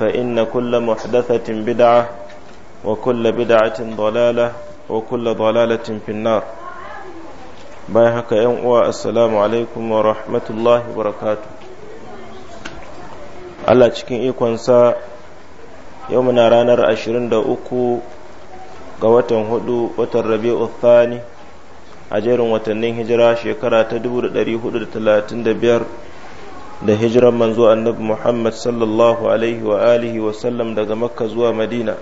فإن كل محدثة بدعة وكل بدعة ضلالة وكل ضلالة في النار بايحك ينقوى السلام عليكم ورحمة الله وبركاته Allah cikin ikonsa yau muna ranar 23 ga watan hudu watan rabi'u thani a jerin watannin hijira shekara ta da biyar. da hijiran manzo annabi Muhammad sallallahu alaihi wa alihi wa sallam daga Makka zuwa Madina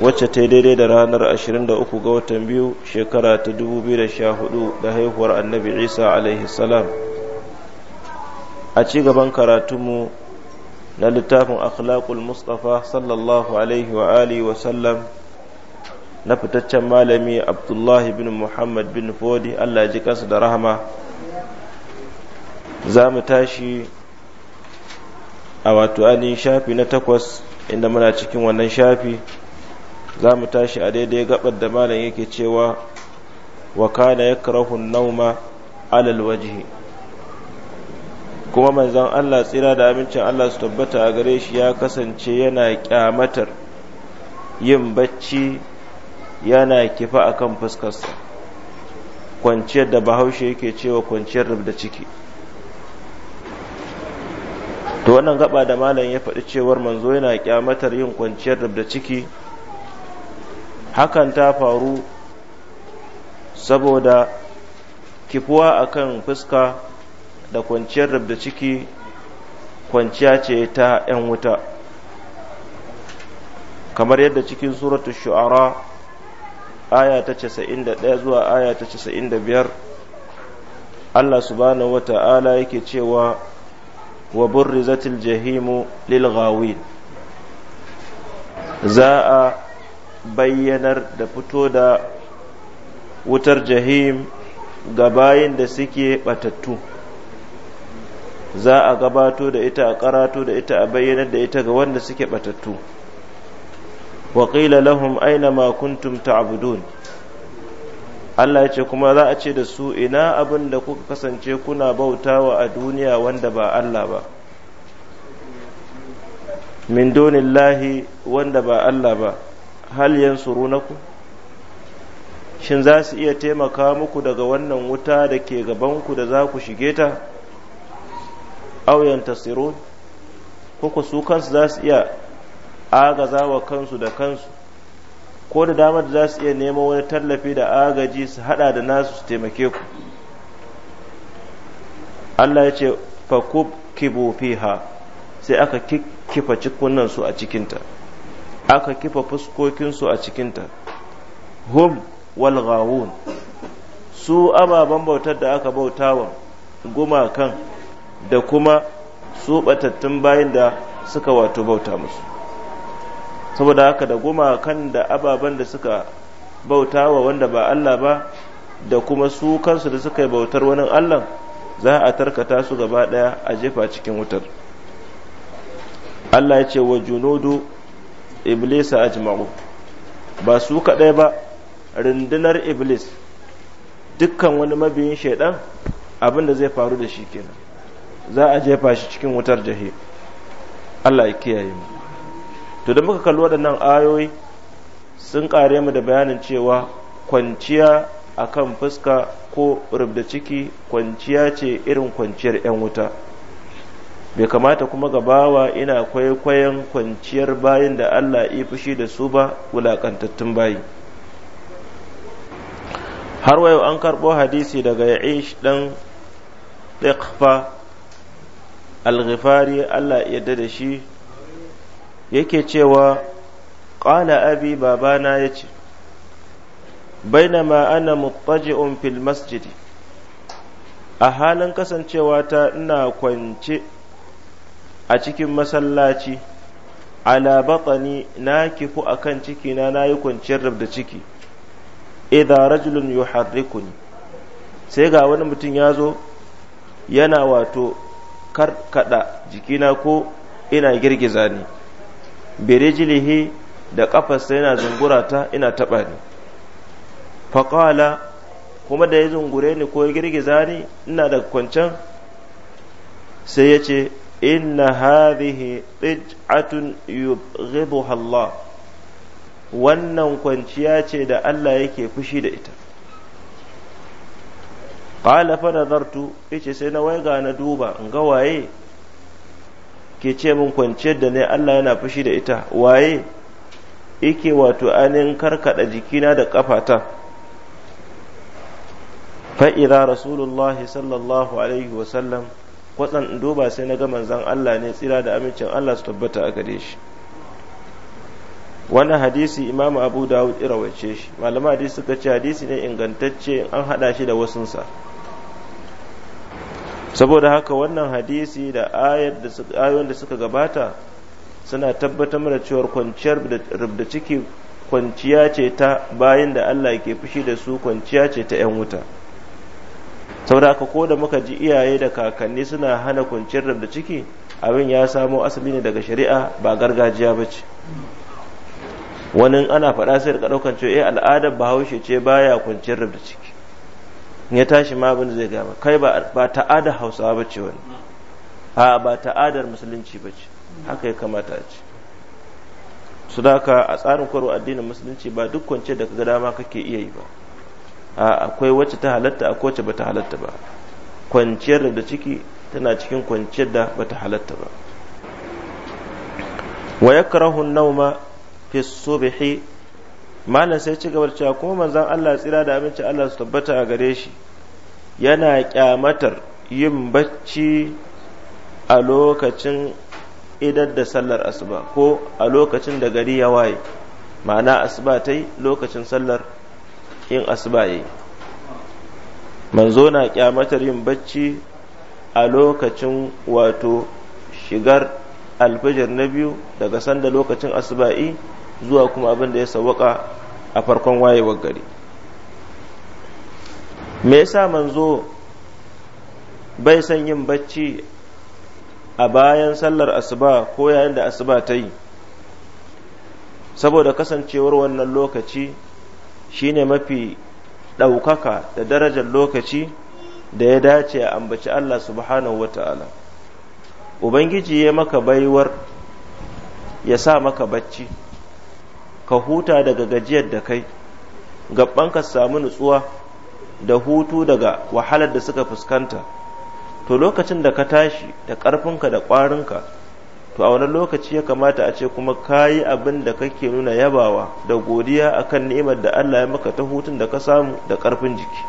wacce ta daidai da ranar 23 ga watan biyu shekara ta 2014 da haihuwar annabi Isa alaihi salam a ci gaban karatunmu na littafin akhlaqul mustafa sallallahu alaihi wa alihi wa sallam na fitaccen malami Abdullahi bin Muhammad bin Fodi Allah ya ji kansa da rahama za mu tashi a wato ainihin shafi na takwas inda muna cikin wannan shafi za mu tashi a daidai gabar da malam yake cewa wa kana karahun nauma alal wajihi kuma manzon Allah tsira da amincin Allah su tabbata a gare shi ya kasance yana kyamatar yin bacci yana kifa akan fuskarsa kwanciyar da bahaushe yake cewa kwanciyar da ciki to wannan gaba da malam ya faɗi cewar manzo yana kyamatar yin kwanciyar da ciki hakan ta faru saboda kifuwa akan fuska da kwanciyar da ciki kwanciya ce ta 'yan wuta kamar yadda cikin suratul shu'ara aya ta 91 zuwa aya ta 95 Allah subhanahu ta'ala yake cewa wa burrizatil jahimu زاء بينر دفتو دا وتر جحيم gabayin da suke batattu za a gabato da ita a karato da ita a bayyanar da ita ga wanda suke batattu wa lahum aina ma kuntum ta'budun Allah ya ce kuma za a ce da su ina abin da kuka kasance kuna bautawa a duniya wanda ba Allah ba min donillahi wanda ba Allah ba hal yansurunaku shin za su iya taimaka muku daga wannan wuta da ke gabanku da za ku shige ta Auyanta tsiro, ko su kansu za su iya agaza wa kansu da kansu ko da damar da za su iya neman wani tallafi da agaji su hada da nasu su taimake ku Allah ya ce fakub kibu fiha sai aka kifa cikunansu a cikinta aka kifa fuskokinsu a cikinta hum wal su ababen bautar da aka bautawa gumakan da kuma su batattun bayan da suka wato bauta musu saboda haka da gumakan da ababen da suka bauta wa wanda ba Allah ba da kuma su kansu da suka yi bautar wani Allah za a tarkata su gaba ɗaya a jefa cikin wutar Allah ya ce wa junudu iblisa ajma'u ba su kaɗai ba rundunar iblis dukkan wani mabiyin shaidan abin da zai faru da shi kenan za a jefa shi cikin wutar jahim Allah ya kiyaye mu to da muka kalli waɗannan ayoyi sun ƙare mu da bayanin cewa kwanciya a kan fuska ko rubda ciki kwanciya ce irin kwanciyar 'yan wuta bai kamata kuma gabawa ina kwaikwayon kwanciyar bayan da Allah ya fushi da su ba wulaƙantattun bayi har wayo an karɓo hadisi daga ya'ish ɗan ɗiƙfa alghifari Allah ya da shi yake cewa ƙala abi babana ya ce bainama ana muttaji'un fil masjidi a halin kasancewa ta ina kwance a cikin masallaci ala batsani na kifu a kan cikina na yi kwanciyar rabda ciki idha rajulun yuharrikuni sai ga wani mutum ya zo yana wato karkada jikina ko ina girgiza ni birijilihi da kafarsa yana zungura ta ina taɓa ni faƙala kuma da ya zungure ni ko ya girgiza ni ina da kwancan sai ya ce inna hadhihi tij'atun yubghiduha Allah wannan kwanciya ce da Allah yake fushi da ita qala fa nadartu yace sai na waiga na duba in ga waye ke ce min kwanciyar da ne Allah yana fushi da ita waye yake wato anin karkada jikina da kafata fa'ira rasulullahi sallallahu alaihi wasallam kwatsan duba sai na ga manzan Allah ne tsira da amincin Allah su tabbata a gare shi wannan hadisi imam abu dawud irawace shi malamai hadisi suka ce hadisi ne ingantacce an hada shi da wasunsa saboda haka wannan hadisi da ayoyin da suka gabata suna tabbatar da cewar kwanciyar rubda ciki kwanciya ce ta bayan da Allah ke fushi da su kwanciya ce ta 'yan wuta saboda haka ko da muka ji iyaye da kakanni suna hana kwanciyar rubda ciki abin ya samo asali ne daga shari'a ba gargajiya ba ce wani ana faɗa sai da ɗaukan cewa eh, al'adar bahaushe ce baya kwanciyar rubda ciki ya tashi ma abin zai gaba kai ba ta'adar hausawa ba ce wani a ba ta'adar musulunci ba ce haka ya kamata a ce su da a tsarin koro addinin musulunci ba duk kwance da ga dama kake iya yi ba a akwai wacce ta halatta a kowace ba ta halatta ba kwanciyar da ciki tana cikin kwanciyar da ba ta halatta ba wa yakrahu an-nawma fi malam sai ci gaba da cewa kuma manzon Allah tsira da aminci Allah su tabbata a gare shi yana kyamatar yin bacci a lokacin idar da sallar asuba ko a lokacin da gari ya waye ma'ana asuba ta yi lokacin sallar yin asuba ya yi manzo na kyamatar yin bacci a lokacin wato shigar alfajir na biyu daga sanda lokacin asuba'i zuwa kuma abin da ya sawaka a farkon wayewar gari me yasa manzo bai son yin bacci a bayan sallar asuba ko yayin da asuba ta yi saboda kasancewar wannan lokaci shine mafi ɗaukaka da darajar lokaci da ya dace a ambaci Allah subhanahu wata'ala Ubangiji ya maka baiwar ya sa maka bacci ka huta daga gajiyar da kai ka samu nutsuwa da hutu daga wahalar da suka fuskanta to lokacin da ka tashi da ƙarfinka da ƙwarinka to a wani lokaci ya kamata a ce kuma ka abin da kake nuna yabawa da godiya akan ni'imar da Allah ya maka ta hutun da ka samu da ƙarfin jiki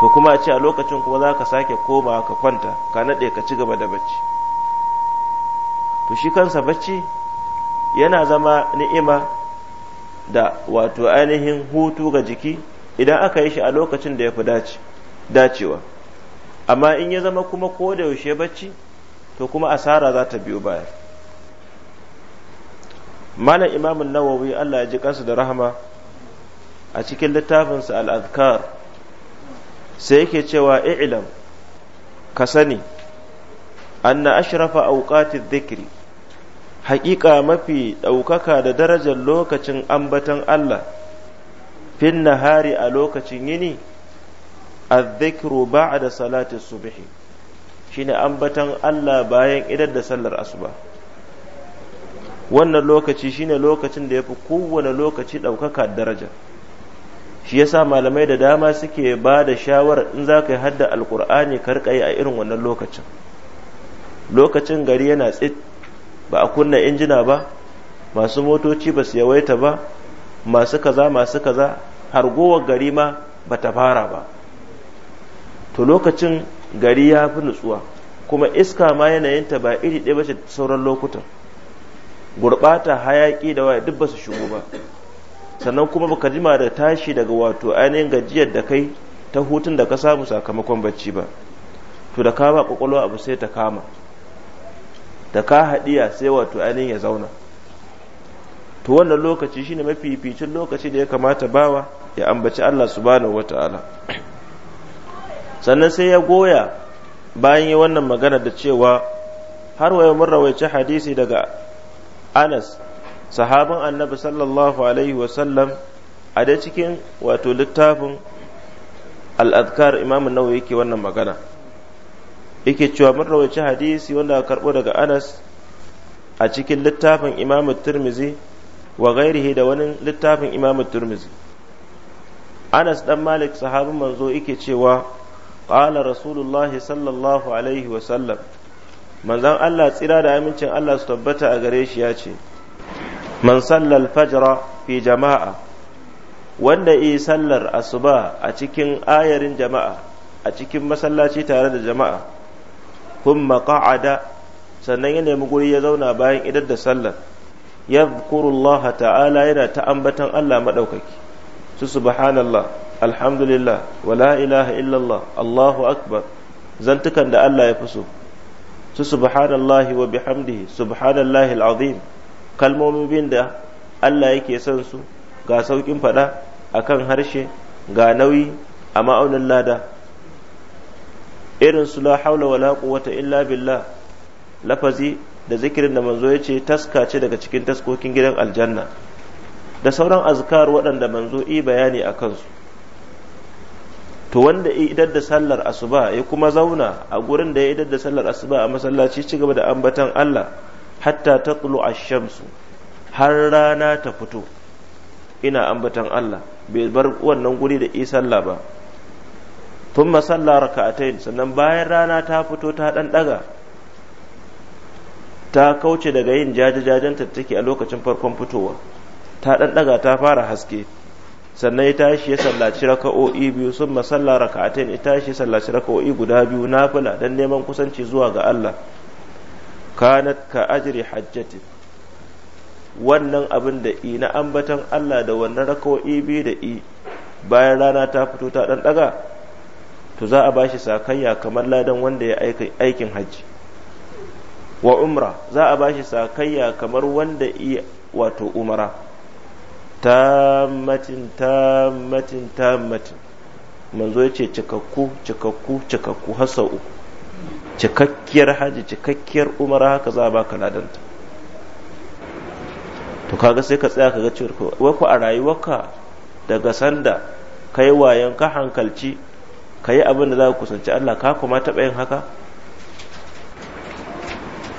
to kuma a ce a lokacin kuma za ka sake koma ka kwanta ka naɗe ka ci gaba da bacci to shi kansa bacci yana zama ni'ima da wato ainihin hutu ga jiki idan aka yi shi a lokacin da ya fi dacewa amma in ya zama kuma ko da yaushe bacci to kuma asara za ta biyo baya malam imamun nawawi allah ya ji kansu da rahama a cikin littafinsa al'adkar sai yake cewa i'lam ka sani anna ashrafa auqati dhikri haƙiƙa mafi ɗaukaka da darajar lokacin ambatan Allah fin nahari a lokacin yini azzikru ba'da salati subhi shine ambatan Allah bayan idar da sallar asuba wannan lokaci shine lokacin da yafi kowane lokaci ɗaukaka daraja shi yasa malamai da dama suke ba da shawarar in za ka yi hadda alkur'ani ka a irin wannan lokacin lokacin gari yana tsit ba a kunna injina ba masu motoci ba su yawaita ba masu kaza masu kaza har hargowar gari ma ba ta fara ba to lokacin gari ya fi nutsuwa kuma iska ma yanayinta ba iri ɗaya bace sauran lokutan gurɓata hayaƙi da waya duk ba su shigo ba sannan kuma baka jima da tashi daga wato ainihin gajiyar da kai ta hutun da ka samu sakamakon bacci ba to da kama kwakwalwa abu sai ta kama da ka haɗiya sai wato ainihin ya zauna to wannan lokaci shine mafificin lokaci da ya kamata bawa ya ambaci Allah subhanahu wata'ala sannan sai ya goya bayan yi wannan magana da cewa har waye mun rawaice hadisi daga Anas sahaban annabi sallallahu alaihi wasallam a da cikin wato littafin al'adkar imamun nawa yake wannan magana yake cewa mun rawaici hadisi wanda aka karbo daga Anas a cikin littafin Imam Tirmizi wa gairihi da wani littafin Imam Turmizi. Anas dan Malik sahabin manzo yake cewa qala Rasulullah sallallahu alaihi wa sallam manzon Allah tsira da amincin Allah su tabbata a gare shi ya ce man sallal fajra fi jama'a wanda yi sallar asuba a cikin ayarin jama'a a cikin masallaci tare da jama'a thumma qa'ada sannan ya nemi guri ya zauna bayan idar da sallar yadhkurullaha ta'ala yana ta ambatan Allah madaukaki su subhanallah alhamdulillah wala ilaha illallah Allahu akbar zantukan da Allah ya fi so su subhanallahi wa bihamdihi subhanallahi alazim kalmomin bin da Allah yake son su ga saukin fada akan harshe ga nauyi a ma'aunin lada irin su la haula wala quwwata illa billah lafazi da zikirin da manzo ya ce taska ce daga cikin taskokin gidan aljanna da sauran azkar waɗanda manzo i bayani a kansu to wanda idar da sallar asuba ya kuma zauna a gurin da ya idar da sallar asuba a masallaci ci gaba da ambatan Allah hatta taqlu ash-shamsu har rana ta fito ina ambatan Allah bai bar wannan guri da isalla ba tun masalla raka'atain sannan bayan rana ta fito ta ɗan ɗaga ta kauce daga yin jajajajen take a lokacin farkon fitowa ta ɗan ɗaga ta fara haske sannan ya tashi ya sallaci raka'o'i biyu sun masalla raka'atain ya tashi ya sallaci raka'o'i guda biyu na fula don neman kusanci zuwa ga Allah kanat ka ajri hajjati wannan abin da i na ambatan Allah da wannan raka'o'i biyu da i bayan rana ta fito ta ɗanɗaga. to za a ba shi sakayya kamar ladan wanda ya aikin hajji wa umra za a ba shi sakayya kamar wanda iya wato umara tammatin tammatin tammatin manzo ya ce cikakku cikakku cikakku hasa'u uku cikakkiyar hajji cikakkiyar umara haka za a baka ladanta to kaga sai ka tsaya kaga cewa wai ku a rayuwarka daga sanda kai wayan ka hankalci ka yi abin da za ka kusanci Allah ka kuma taɓa yin haka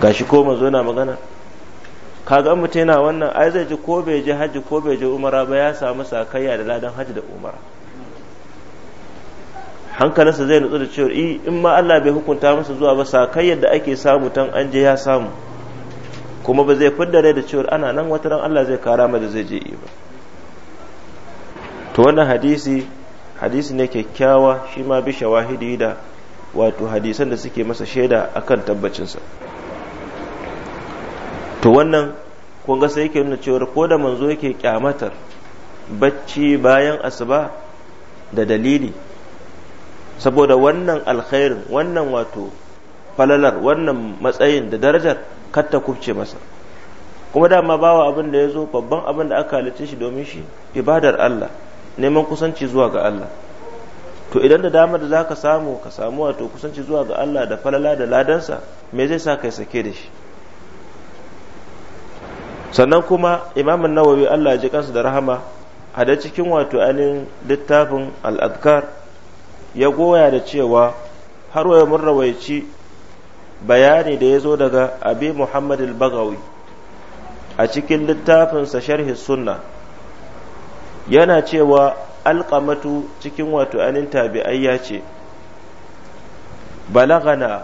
Ga shi ko manzo na magana ka ga mutum yana wannan ai zai ji ko bai ji hajji ko bai ji umara ba ya samu sakayya da ladan hajji da umara hankalinsa zai nutsu da cewa eh, in ma Allah bai hukunta masa zuwa ba sakayya da ake samu tan an je ya samu kuma ba zai fidda rai da cewa ana nan wata ran Allah zai kara ma da zai je ba to wannan hadisi hadisi ne kyakkyawa shi ma bi shawahidi da wato hadisan da suke masa shaida a kan tabbacinsa to wannan kun ga sai yake nuna cewar ko da manzo yake kyamatar bacci bayan asuba da dalili saboda wannan alkhairin wannan wato falalar wannan matsayin da darajar kar ta kubce masa kuma dama bawa abin da ya zo babban abin da aka halicce shi domin shi ibadar Allah neman kusanci zuwa ga Allah to idan da damar da ka samu ka samu wato kusanci zuwa ga Allah da falala da ladansa me zai sa kai sake da shi sannan kuma imamin nawawi Allah ya ji kansa da rahama a da cikin wato anin littafin al'adkar ya goya da cewa har wayo mun rawaici bayani da ya zo daga abi muhammad bagawi a cikin littafinsa sharhi sunna yana cewa alƙamatu cikin wato anin tabi'ai ya ce balagana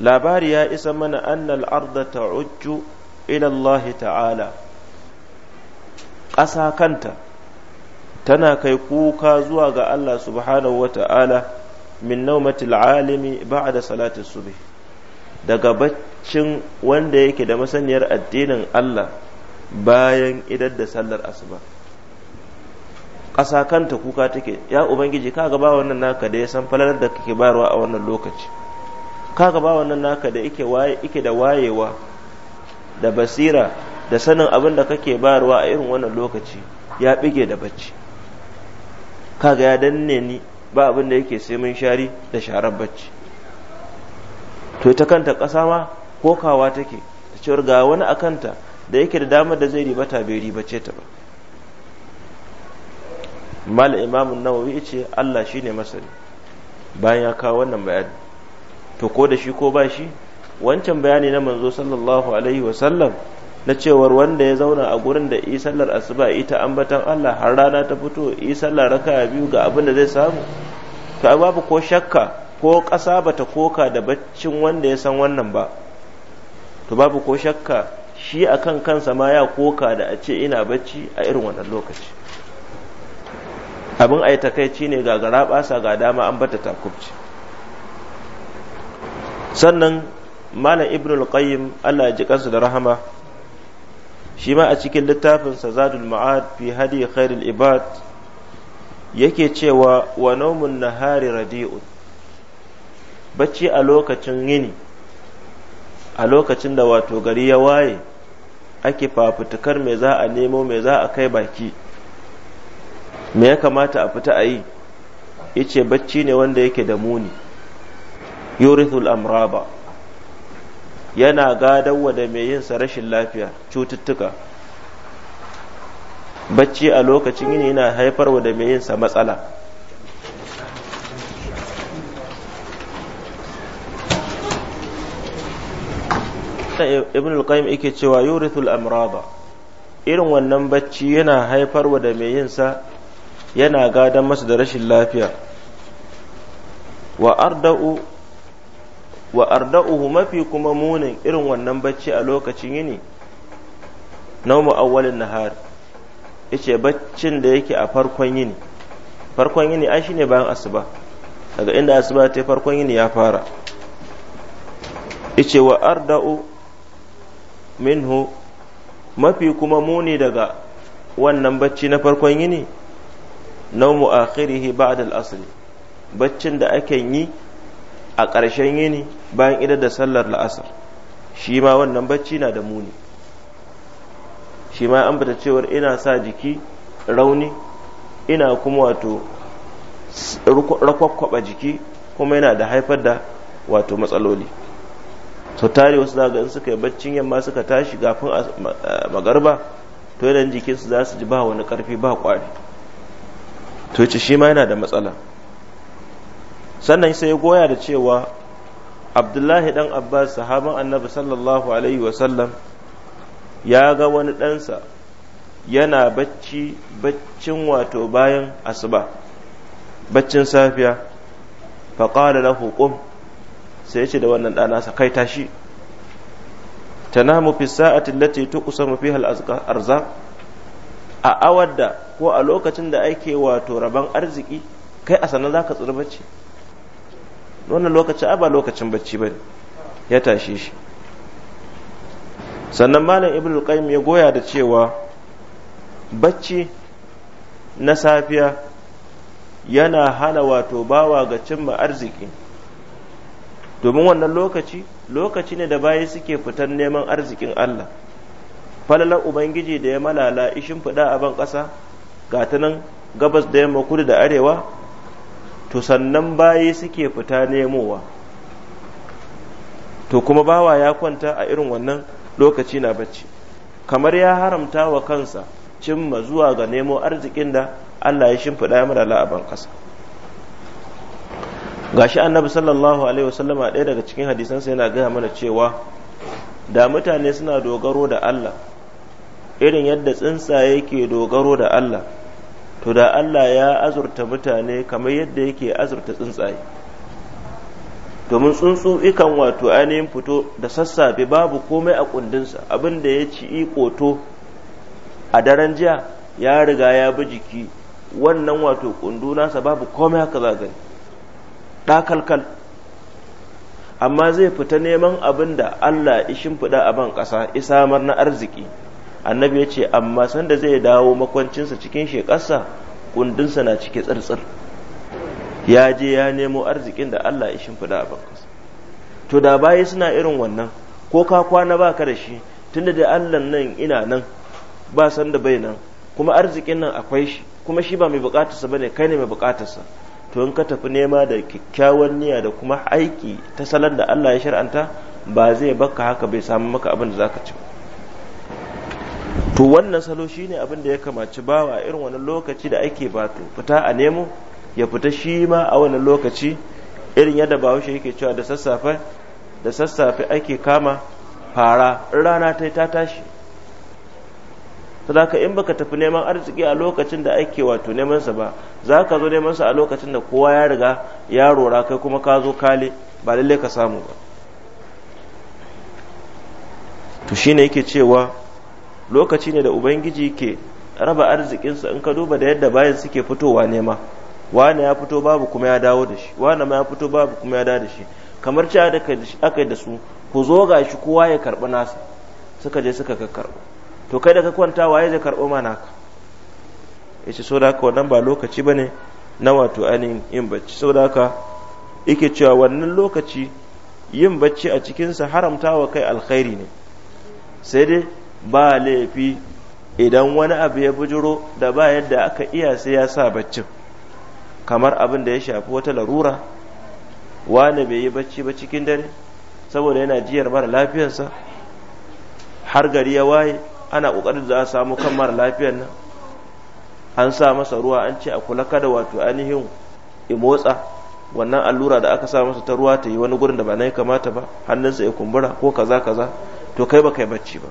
labari ya isa mana annal arda ta'ujju ila Allah ta'ala ƙasa kanta tana kai kuka zuwa ga Allah subhanahu wa ta'ala min naumatil alimi ba'da salatin subh daga baccin wanda yake da masaniyar addinin Allah bayan idar da sallar asuba ƙasa kanta kuka take ya ubangiji ka gaba wannan naka da ya san falalar da kake bayarwa a wannan lokaci ka gaba wannan naka da ike da wayewa da basira da sanin abin da kake bayarwa a irin wannan lokaci ya bige da bacci kaga ya danne ni ba abin da yake sai mun shari da sharar bacci to ita kanta ƙasa ma kokawa take ta cewar ga wani a kanta da yake da damar da zai ribata bai ribace ta ba mal imamun nawawi ce Allah shine masani bayan ya kawo wannan bayani to ko da shi ko ba shi wancan bayani na manzo sallallahu alaihi wasallam na cewar wanda ya zauna a gurin da isallar asuba ita ambatan Allah har rana ta fito isallar raka biyu ga abin da zai samu to ai babu ko shakka ko ƙasa bata koka da baccin wanda ya san wannan ba to babu ko shakka shi akan kansa ma ya koka da a ce ina bacci a irin wannan lokaci abin a yi takaici ne ga gara basa ga dama an bata takubci sannan malam ibnul qayyim Allah ji kansu da rahama shi ma a cikin littafinsa zadul ma'ad fi hadi khairul ibad yake cewa wa naumun nahari radi'un bacci a lokacin yini a lokacin da wato gari ya waye ake fafutukar me za a nemo me za a kai baki me ya kamata a fita a yi yace bacci ne wanda yake da muni yurithul amraba yana gadon da mai yin sa rashin lafiya cututtuka bacci a lokacin yini yana haifarwa da mai yin sa matsala ibn al-qayyim yake cewa yurithul amraba irin wannan bacci yana haifarwa da mai yin sa yana gadon masa da rashin lafiya wa arda'u wa arda'uhu mafi kuma munin irin wannan bacci a lokacin yini naumu awwalin nahar yace baccin da yake a farkon yini farkon yini ai shine bayan asuba daga inda asuba ta farkon yini ya fara yace wa arda'u minhu mafi kuma muni daga wannan bacci na farkon yini naumu akhirihi ba'da da asr baccin da ake yi a ƙarshen yini bayan idar da sallar la'asar shi ma wannan bacci na da muni shi ma an bata cewar ina sa jiki rauni ina kuma wato rakwakkwaba jiki kuma yana da haifar da wato matsaloli sau tare wasu zaga in suka yi baccin yamma suka tashi gafin magarba to yanayin jikinsu za su ji ba wani karfi ba kwari to shima shi ma yana da matsala sannan sai ya goya da cewa abdullahi dan abbas sahaban annabi sallallahu alaihi wasallam ya ga wani ɗansa yana bacci baccin wato bayan asuba baccin safiya faƙada na hukum sai ya ce da wannan ɗanasa kai tashi tana fi sa'atin ta kusa mafi al a awar da ko a lokacin da ake wato rabon arziki kai a sannan za ka tsira bacci wannan lokacin a ba lokacin bacci ba ya tashe shi sannan malam ibn qayyim ya goya da cewa bacci na safiya yana hana wato bawa ga cimma arziki domin wannan lokaci lokaci ne da bayi suke fitar neman arzikin Allah falalar ubangiji da ya malala ishin fida a ban ƙasa ga ta nan gabas da yamma kudu da arewa to sannan bayi suke fita nemowa to kuma bawa ya kwanta a irin wannan lokaci na bacci kamar ya haramta wa kansa cimma zuwa ga nemo arzikin da Allah ya shimfiɗa ya malala a ban ƙasa gashi annabi sallallahu alaihi wasallam a ɗaya daga cikin hadisansa yana gaya mana cewa da mutane suna dogaro da Allah irin yadda tsuntsaye ke dogaro da Allah to da Allah ya azurta mutane kamar yadda yake azurta tsuntsaye domin tsuntsu ikan wato ainihin fito da sassafe babu komai a kundinsa abin da ya ci ikoto a daren jiya ya riga ya bi jiki wannan wato kundu nasa babu komai haka za ɗakalkal amma zai fita neman abin da Allah ishin shimfiɗa a ban ƙasa isamar na arziki annabi ya ce amma sanda zai dawo makwancinsa cikin shekarsa kundinsa na cike tsirtsir ya je ya nemo arzikin da Allah ya shimfiɗa a bakkasa to da bayi suna irin wannan ko ka kwana ba ka da shi tunda da Allah nan ina nan ba sanda bai nan kuma arzikin nan akwai shi kuma shi ba mai bukatarsa bane kai ne mai bukatarsa to in ka tafi nema da kyakkyawan niyya da kuma aiki ta salon da Allah ya shar'anta ba zai baka haka bai samu maka abin da zaka ci ba to wannan salo shine abin da ya kamaci bawa irin wani lokaci da ake ba fita a nemo ya fita shi ma a wani lokaci irin yadda ba bahaushe yake cewa da sassafe da sassafe ake kama fara in rana ta ta tashi sadaka in baka tafi neman arziki a lokacin da ake wato neman sa ba za ka zo neman sa a lokacin da kowa ya riga ya rora kai kuma ka zo kale ba lalle ka samu ba to shine yake cewa lokaci ne da ubangiji ke raba arzikinsa in ka duba da yadda bayan suke fitowa nema wane ya fito babu kuma ya dawo da shi wane ma ya fito babu kuma ya dawo da shi kamar ci aka yi da su ku zo ga shi kowa ya karɓi nasa suka je suka karɓo to kai da ka kwanta waye zai karɓo mana ka ya ce so da haka wannan ba lokaci ba ne na wato ainihin yin bacci so da haka yake cewa wannan lokaci yin bacci a cikinsa haramta wa kai alkhairi ne sai dai ba laifi idan wani abu ya bujiro da ba yadda aka iya sai ya sa baccin kamar abin da ya shafi wata larura wani bai yi bacci ba cikin dare saboda yana jiyar mara lafiyarsa har gari ya waye ana ƙoƙarin za a samu kan mara lafiyar nan an sa masa ruwa an ce a kula kada wato ainihin i motsa wannan allura da aka sa masa ta ruwa ta yi wani gurin da ba na yi kamata ba hannunsa ya kumbura ko kaza kaza to kai ba kai bacci ba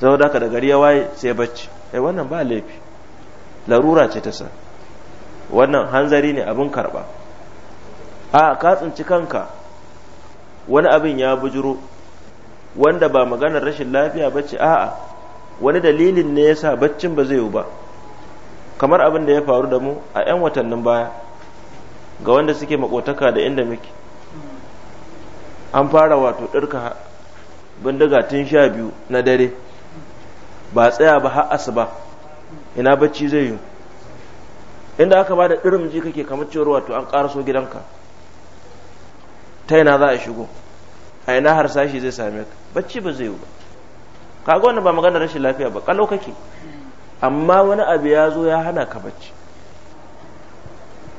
zama da da gari ya waye sai bacci ai eh, wannan ba laifi larura ce ta sa wannan hanzari ne abin karba a ka tsinci kanka wani abin ya bujuro wanda ba maganar rashin lafiya ba ce a'a wani dalilin ne yasa baccin ba zai yi ba kamar abin da ya faru da mu a 'yan watannin baya ga wanda suke makotaka da inda muke an fara wato ɗirka bindiga tun sha biyu na dare ba tsaya ba har asuba ina bacci zai yi inda aka ba da ji kake kamar cewa wato an ƙaraso gidanka ta ina za a shigo a ina harsashi zai same ka bacci ba zai yi ba kaga wannan ba maganar rashin lafiya ba kalau kake amma wani abu ya zo ya hana ka bacci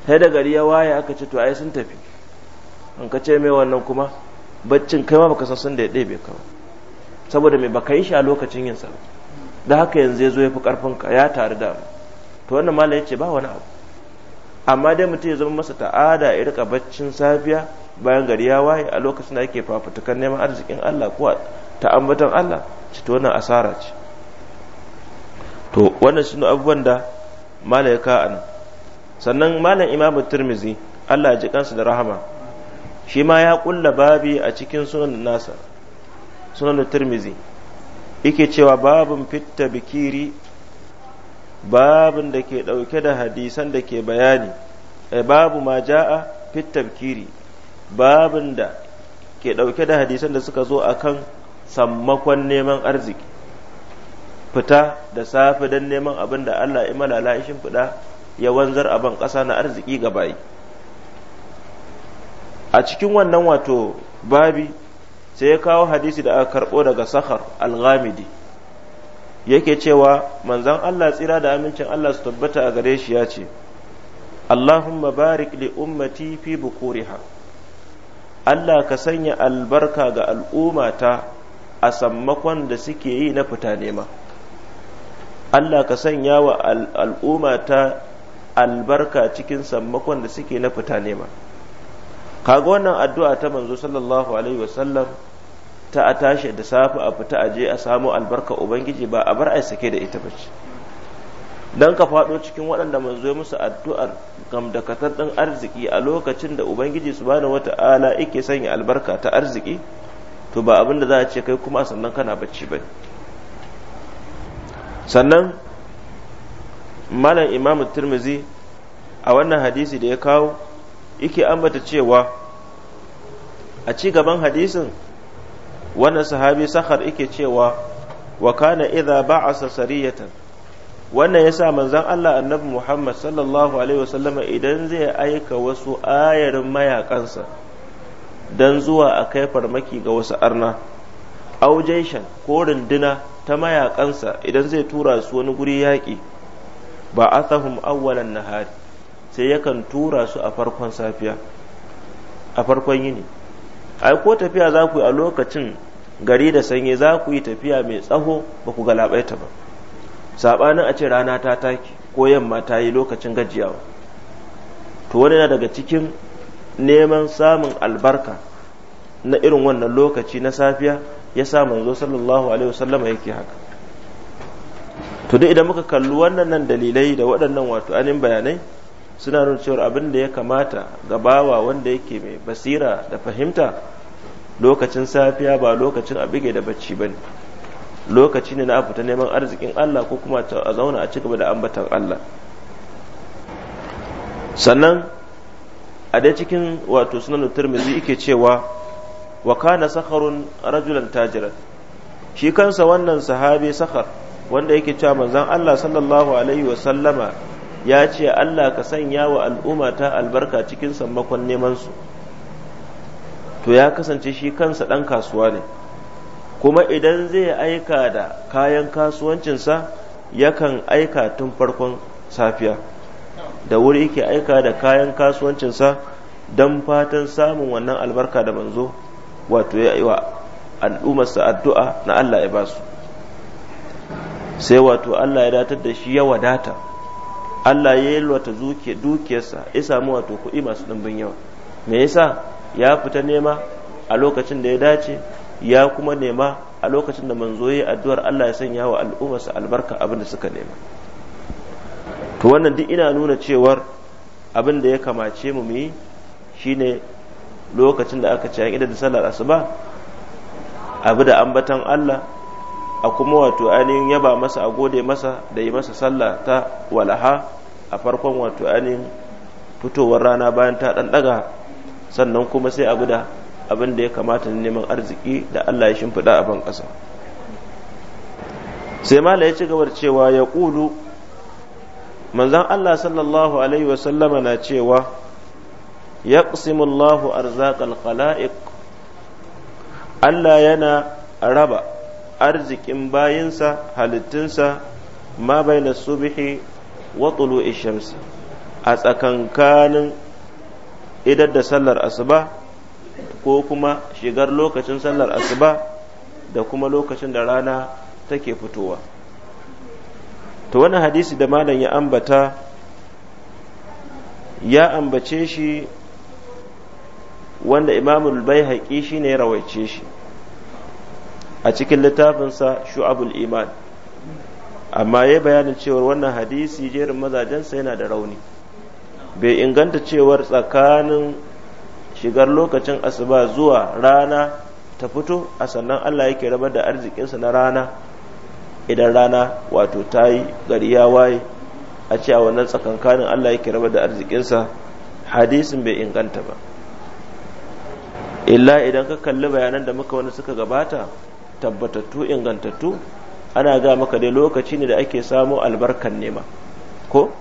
sai da gari ya waye aka ce to ai sun tafi An ka ce mai wannan kuma baccin kai ma baka san sun da ya ɗebe ka ba saboda mai baka yi shi a lokacin yin ba? da haka yanzu ya zo ya fi ƙarfinka ya taru da to wannan malam ya ce ba wani abu amma dai mutum ya zama masa ta'ada ya rika baccin safiya bayan gari ya waye a lokacin da ake fafutukan neman arzikin Allah ko ta ambatan Allah ci to wannan asara ce to wannan shi abubuwan da malam ya ka'a sannan malam imamu turmizi Allah ya ji kansa da rahama shi ma ya kulla babi a cikin sunan nasa sunan turmizi yake cewa babun fitta bikiri babun da ke ɗauke da hadisan da ke bayani eh, babu ma ja'a fitta bikiri babun da ke ɗauke da hadisan da suka zo akan sammakon neman arziki fita da safe don neman abin da Allah ya malala fida ya wanzar a ban ƙasa na arziki ga bayi a cikin wannan wato babi sai ya kawo hadisi da aka karɓo daga sahar al-ghamidi yake cewa manzon Allah tsira da amincin Allah su tabbata a gare shi ya ce Allahumma barik li ummati fi bukuriha Allah ka sanya albarka ga al'ummata a sammakon da suke yi na fita nema Allah ka sanya wa al'ummata albarka cikin sammakon da suke na fita nema kaga wannan addu'a ta manzo sallallahu alaihi wasallam ta a tashi da safe a fita aje a samu albarka ubangiji ba a bar a sake da ita bace dan ka fado cikin waɗanda manzo ya musu addu'ar gamdakatar ɗin arziki a lokacin da ubangiji subhanahu wata'ala yake sanya albarka ta arziki to ba abin da za a ce kai kuma sannan kana bacci ba sannan malam imamu tirmizi a wannan hadisi da ya kawo yake ambata cewa a ci gaban hadisin wannan sahabi sahar yake cewa wa kana idza ba'asa sariyatan wannan yasa manzon Allah annabi Muhammad sallallahu alaihi wasallama idan zai aika wasu ayarin mayakansa dan zuwa a kai farmaki ga wasu arna aujeshan ko runduna ta mayakansa idan zai tura su wani guri yaƙi ba athahum awwalan nahari sai yakan tura su a farkon safiya a farkon yini ai ko tafiya za ku yi a lokacin gari da sanyi za ku yi tafiya mai tsaho ba ku galabaita ba sabanin a ce rana ta taki ko yamma ta yi lokacin gajiyawa to wani na daga cikin neman samun albarka na irin wannan lokaci na safiya ya sa manzo sallallahu alaihi wasallam yake haka to duk idan muka kalli wannan nan dalilai da waɗannan wato anin bayanai suna nuna cewar abin da ya kamata ga bawa wanda yake mai basira da fahimta lokacin safiya ba lokacin a bige da bacci ba ne lokaci ne na a fita neman arzikin Allah ko kuma a zauna a cigaba da ambatan Allah sannan a dai cikin wato sunan turmizi yake cewa wa kana sakharun rajulan tajiran shi kansa wannan sahabi sakhar wanda yake cewa manzon Allah sallallahu alaihi wa sallama ya ce Allah ka sanya wa al'umma ta albarka cikin sammakon neman su to ya kasance shi kansa ɗan kasuwa ne kuma idan zai aika da kayan kasuwancinsa yakan aika tun farkon safiya da wuri yake aika da kayan kasuwancinsa don fatan samun wannan albarka da manzo wato ya yi wa al'ummarsa addu'a na Allah ya basu sai wato Allah ya datar da shi ya wadata Allah ya yi lwata dukiyarsa ya samu wato kuɗi masu ɗimbin yawa me yasa ya fita nema a lokacin da ya dace ya kuma nema a lokacin da manzo ya addu'ar Allah ya sanya wa al'ummarsa albarka abin da suka nema to wannan duk ina nuna cewar abin da ya kamace mu yi shine lokacin da aka ci an da sallar asuba abu da ambatan Allah a kuma wato ainihin yaba masa a gode masa da yi masa sallah ta walaha a farkon wato ainihin fitowar rana bayan ta ɗan sannan kuma sai a guda abin da ya kamata na neman arziki da Allah ya shimfiɗa a ban ƙasa sai mala ya ci gabar cewa ya ƙulu manzan Allah sallallahu alaihi wasallama na cewa ya ƙasimullahu arzaƙal khala'iq Allah yana raba arzikin bayinsa halittunsa ma baina subhi wa tulu ishamsi a tsakankanin idar da sallar asuba ko kuma shigar lokacin sallar asuba da kuma lokacin da rana take fitowa to wani hadisi da malam ya ambata ya ambace shi wanda imamul bai haƙi shi ne ya rawaice shi a cikin littafinsa shu'abul iman amma ya bayanin cewar wannan hadisi jerin mazajensa yana da rauni bai inganta cewar tsakanin shigar lokacin asuba zuwa rana ta fito a sannan Allah yake rabar da arzikinsa na rana idan rana wato ta yi gari ya waye a ce a wannan tsakankanin Allah yake rabar da arzikinsa hadisin bai inganta ba illa idan ka kalli bayanan da muka wani suka gabata tabbatattu ingantattu ana ga maka dai lokaci ne da ake samo albarkan nema ko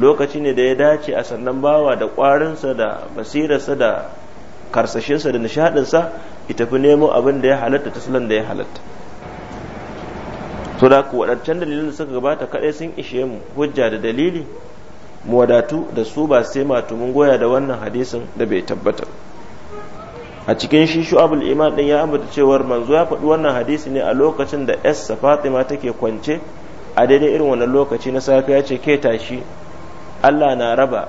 lokaci ne da ya dace a sannan bawa da kwarinsa da basirarsa da karsashinsa da nishaɗinsa ita tafi nemo abin da ya halatta taslan da ya halatta to da ku waɗancan dalilin da suka gabata kaɗai sun ishe mu hujja da dalili mu wadatu da su ba sai matumin goya da wannan hadisin da bai tabbata a cikin shi shu'abul iman din ya ambata cewar manzo ya faɗi wannan hadisi ne a lokacin da yassa fatima take kwance a daidai irin wannan lokaci na ya ce ke tashi Allah na raba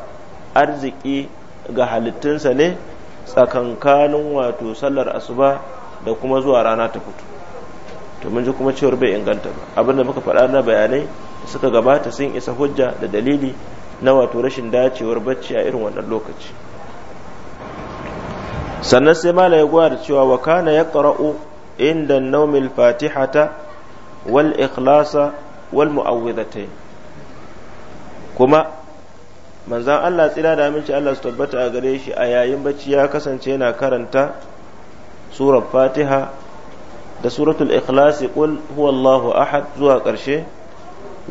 arziki ga halittunsa ne tsakankanin wato sallar asuba da kuma zuwa rana ta fito to mun ji kuma cewar bai inganta ba abinda muka faɗa na bayanai suka gabata sun isa hujja da dalili na wato rashin dacewar bacci a irin wannan lokaci sannan sai mala ya gwada cewa wa kana ya ƙara'u inda naumil fatihata wal ikhlasa wal mu'awwidatain kuma manzan Allah tsira da aminci Allah su tabbata a gare shi a yayin bacci ya kasance yana karanta surar fatiha da suratul ikhlasi qul huwallahu ahad zuwa ƙarshe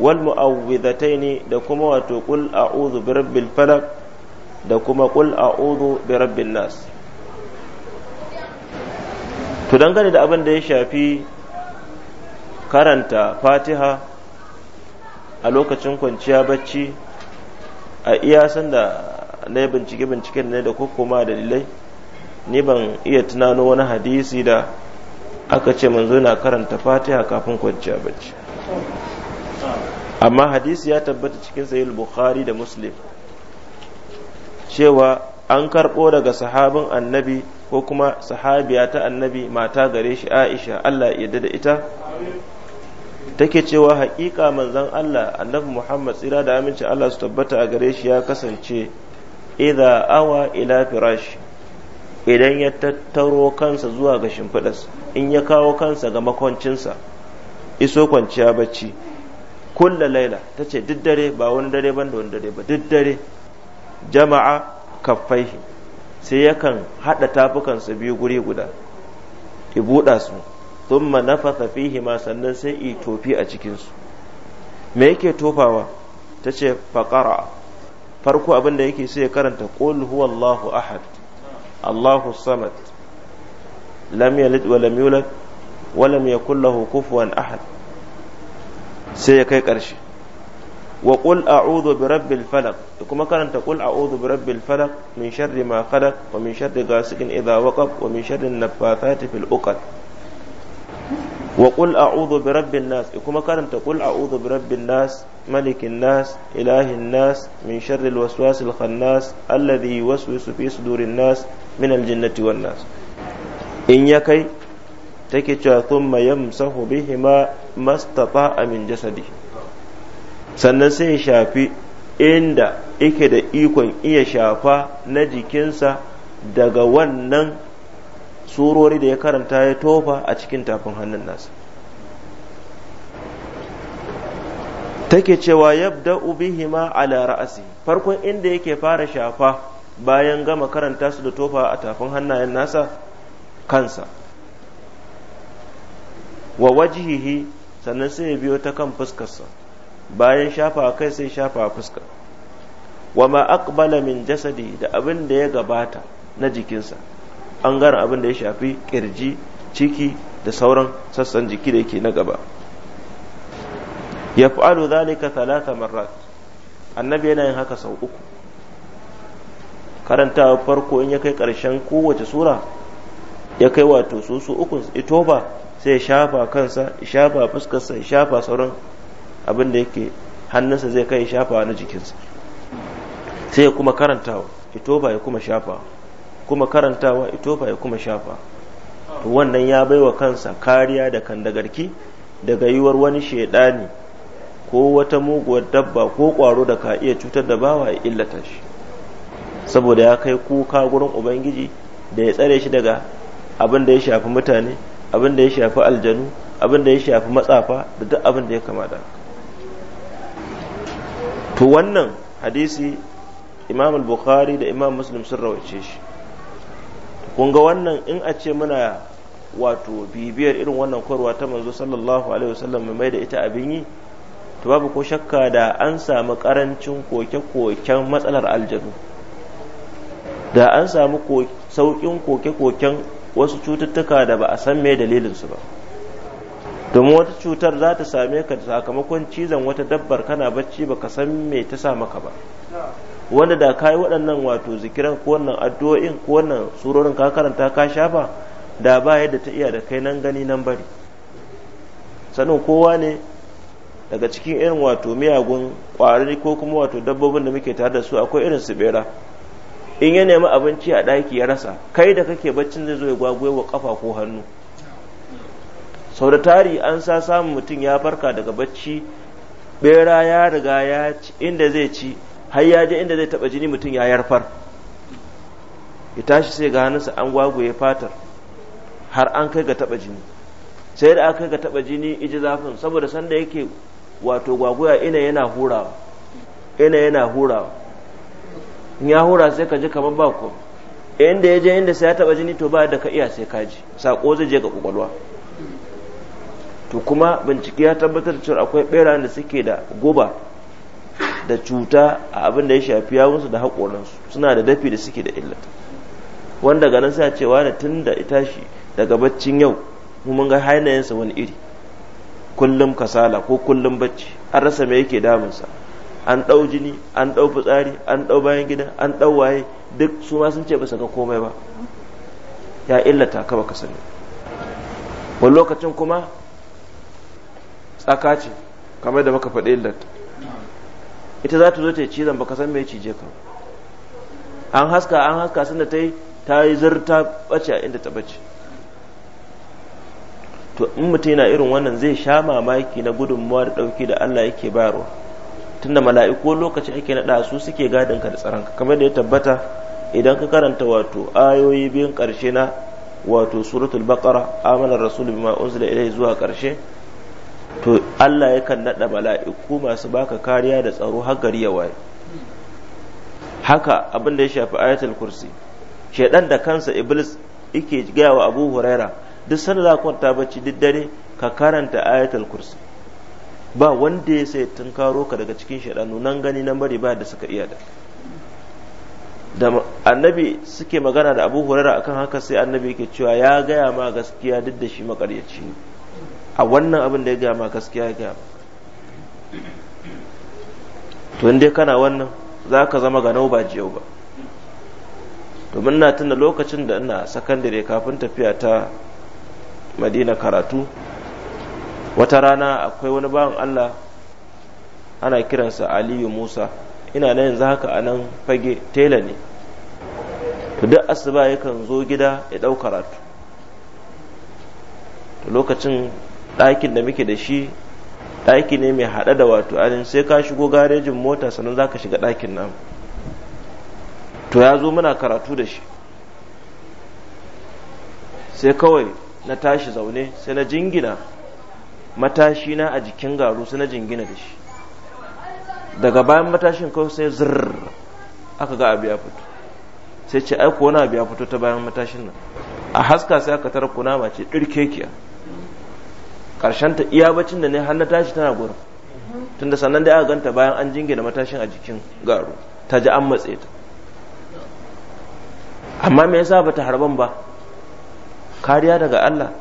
wal ne da kuma wato a a'udhu birabbil falaq da kuma qul a'udhu rabbin nas to dangane da abin da ya shafi karanta fatiha a lokacin kwanciya bacci a iya sanda na yi bincike binciken ne da kokoma dalilai ni ban iya tunano wani hadisi da aka ce manzo na karanta fatiha kafin kwanciya bacci amma hadisi ya tabbata cikin sahih bukhari da muslim cewa an karɓo daga sahabin annabi ko kuma sahabiya ta annabi mata gare shi aisha allah ya yarda da ita take cewa haƙiƙa manzon allah annabi muhammad tsira da aminci allah su tabbata a gare shi ya kasance idza awa ila firash idan ya tattaro kansa zuwa ga shimfidas in ya kawo kansa ga makwancinsa iso kwanciya bacci kulla laila ta ce duk dare ba wani dare ban da wani dare ba duk dare jama'a kaffaihi sai yakan haɗa tafukansa biyu guri guda ya buɗa su thumma nafatha fihi ma sannan sai i tofi a cikinsu me yake tofawa ta ce faƙara farko abin da yake sai ya karanta qul huwallahu ahad allahu samad lam yalid wa lam yulad wa lam yakul lahu kufuwan ahad sai ya kai ƙarshe wa qul a'udhu bi rabbil falaq da kuma karanta qul a'udhu bi rabbil falaq min sharri ma khalaq wa min sharri ghasiqin idha waqab wa min sharri an-naffathati fil 'uqad wa qul a'udhu bi nas da karanta qul a'udhu bi rabbin nas malikin nas ilahin nas min sharri al-waswasil khannas alladhi yuwaswisu fi sudurin nas min in ya kai take cewa thumma yamsahu bihima mastata'a min sannan sai ya shafi inda yake da ikon iya shafa na jikinsa daga wannan surori da ya karanta ya tofa a cikin tafin hannun nasa take cewa yabda ubihima ala ra'asi farkon inda yake fara shafa bayan gama karanta su da tofa a tafin hannayen nasa kansa wa wajihi sannan sai ya biyo ta kan fuskarsa bayan shafa kai sai shafa fuska wa ma aqbala min jasadi da abin da ya gabata na jikinsa an gara abin da ya shafi kirji ciki da sauran sassan jiki da yake na gaba ya fa'alu zalika talata marrat annabi yana yin haka sau uku karantawa farko in ya kai karshen kowace sura ya kai wato su su uku itoba sai ya shafa kansa ya shafa fuskarsa ya shafa sauran abin da yake hannunsa zai kai shafa na jikinsa sai ya kuma karantawa ito ba ya kuma shafa kuma karantawa ito ba ya kuma shafa to wannan ya baiwa kansa kariya da kandagarki daga yiwuwar wani shaidani ko wata muguwar dabba ko kwaro da ka iya cutar da bawa ya illata shi saboda ya kai kuka gurin ubangiji da ya tsare shi daga abin da ya shafi mutane abin da ya shafi aljanu abin da ya shafi matsafa da duk abin da ya kamata. to wannan hadisi imam al-bukhari da imam muslim sun rawace shi kun ga wannan in a ce muna wato bibiyar irin wannan kwarwa ta manzo sallallahu alaihi wasallam mai da ita abin yi to babu ko shakka da an samu karancin koke-koken matsalar aljanu da an samu sauƙin koke-koken wasu cututtuka da ba a san me dalilin su ba domin wata cutar za ta same ka sakamakon cizon wata dabbar kana bacci baka san me ta sa maka ba wanda da ka yi waɗannan wato zikiran ko wannan addu'o'in ko wannan surorin ka karanta ka shafa da ba yadda ta iya da kai nan gani nan bari sanin kowa ne daga cikin irin wato miyagun ƙwari ko kuma wato dabbobin da muke tare da su akwai irin su bera in ya nemi abinci a ɗaki ya rasa kai da kake baccin zai zo ya gwagwaye wa ƙafa ko hannu sau da tari an sa samun mutum ya farka daga bacci bera ya riga ya ci inda zai ci har ya je inda zai taba jini mutum ya yarfar ya tashi sai ga hannunsa an gwagwaye fatar har an kai ga taba jini sai da aka kai ga taba jini iji zafin saboda sanda yake wato gwagwaya ina yana hurawa ina yana hurawa in ya hura sai ka ji kamar ba ko inda ya je inda sai ya taba jini to ba da ka iya sai ka ji sako zai je ga kwakwalwa to kuma bincike ya tabbatar cewa akwai bera da suke da guba da cuta a abin da ya shafi yawunsu da haƙorinsu suna da dafi da suke da illata wanda ganin sa cewa da tun da ita shi daga baccin yau mun ga hainayensa wani iri kullum kasala ko kullum bacci an rasa me yake damunsa an ɗau jini an ɗau fitsari an ɗau bayan gida an ɗau waye duk su ma sun ce ba ga komai ba ya illata ka ba ka sani wani lokacin kuma tsaka ce kamar da muka faɗi illat ita za ta zo ta yi cizon baka san mai cije ka an haska an haska sun da ta yi ta yi zar ta bace a inda ta bace to in mutum yana irin wannan zai sha mamaki na gudunmuwa da ɗauki da Allah yake bayarwa tunda mala'iku lokaci ake naɗa su suke gadin ka da tsaron ka kamar da ya tabbata idan ka karanta wato ayoyi biyun ƙarshe na wato suratul baqara amana rasul bima unzila ilayhi zuwa ƙarshe to Allah yakan naɗa mala'iku masu baka kariya da tsaro har gari ya waye haka abin da ya shafi ayatul kursi shaidan da kansa iblis yake gaya wa abu huraira duk sanda za kwanta bacci duk dare ka karanta ayatul kursi ba wanda ya sai tun karo ka daga cikin shaidanu nan gani nan bari ba da suka iya da da annabi suke magana da abu huraira akan haka sai annabi yake cewa ya gaya ma gaskiya duk da shi makaryaci a wannan abin da ya gaya ma gaskiya ya gaya to in dai kana wannan za ka zama nau ba jiyau ba domin na tuna lokacin da ina sakandare kafin tafiya ta madina karatu wata rana akwai wani bawan allah ana kiransa aliyu musa ina na yanzu haka a nan fage tela ne to duk asuba yakan zo gida ya ɗau karatu lokacin ɗakin da muke da shi ɗaki ne mai haɗe da wato ainihin sai ka shigo garejin mota sannan za ka shiga ɗakin nan to ya zo muna karatu da shi sai kawai na tashi zaune sai na jingina matashi na a jikin garu sai na jingina da shi daga bayan matashin kawai sai zirr aka ga abu ya fito sai ce aiko wani abu ya fito ta bayan matashin nan a haska sai aka tara kunama ce ɗirkekiya karshen ta iya bacin da ne har na tashi tana gurin tunda sannan dai aka ganta bayan an jinge da matashin a jikin garu ta ji an matse ta amma me yasa bata harban ba kariya daga Allah